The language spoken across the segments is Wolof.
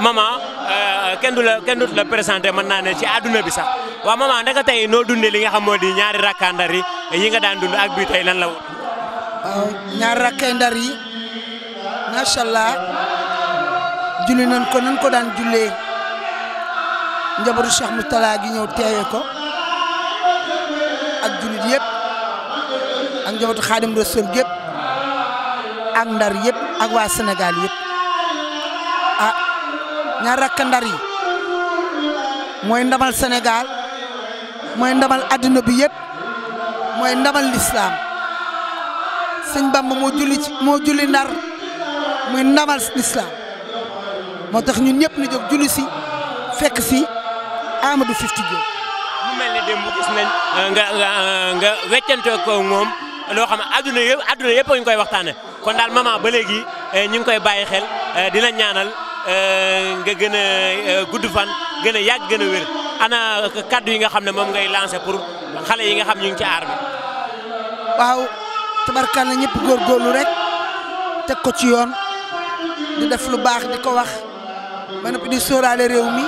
maman euh, kenn du la kenn du la présenté mën naa ne ci àdduna bi sax waaw maman naka tey noo dundee li nga xam moo di ñaari rakka ndar yi yi daan dund ak bii tey lan la woon. waaw ñaari rakka ndar yi macha allah julli ko nañ ko daan jullee njabootu Cheikh Moutala gi ñëw teewe ko ak jullit yëpp ak njabootu Xaadim Rasul yëpp ak ndar yëpp ak waa senegal yëpp ah, ñaar rakk ndar yi mooy ndamal Sénégal mooy ndamal adduna bi yëpp mooy ndamal lislaam sëñ Bamba moo julli ci moo julli ndar muy ndamal lislaam moo te ñun ñëpp ñu jóg julli si fekk si Amadou Fifty Diop. mu mel ne démb gis nañ euh, nga nga euh, weccantoo ko moom loo xam ne adduna yëpp adduna yëpp ñu koy waxtaane kon daal maman ba léegi euh, ñu ngi koy bàyyi xel dina ñaanal. Euh, nga gën euh, gudd fan gën a yàgg gën wér ana kaddu yi nga xam ne moom ngay lancé pour xale yi nga xam ñu ngi ci aar bi. waaw tabarkalla ñëpp góorgóorlu rek teg ko ci yoon di def lu baax di ko wax ba noppi di sóoraale réew mi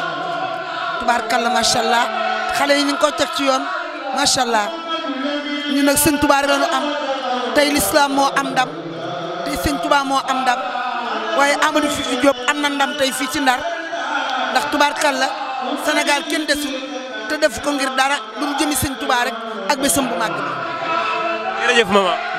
tabarkalla macha allah xale yi ñu ngi ko teg ci yoon macha allah ñu nag sëñ Tuubaa am tey lislaam moo am ndam tey sëñ moo am ndam waaye Amadou Fifi Diop tey fii ci Ndar ndax tubaarkàlla Sénégal kenn desul te def ko ngir dara lu mu jëmi sëñ Tuubaa rek ak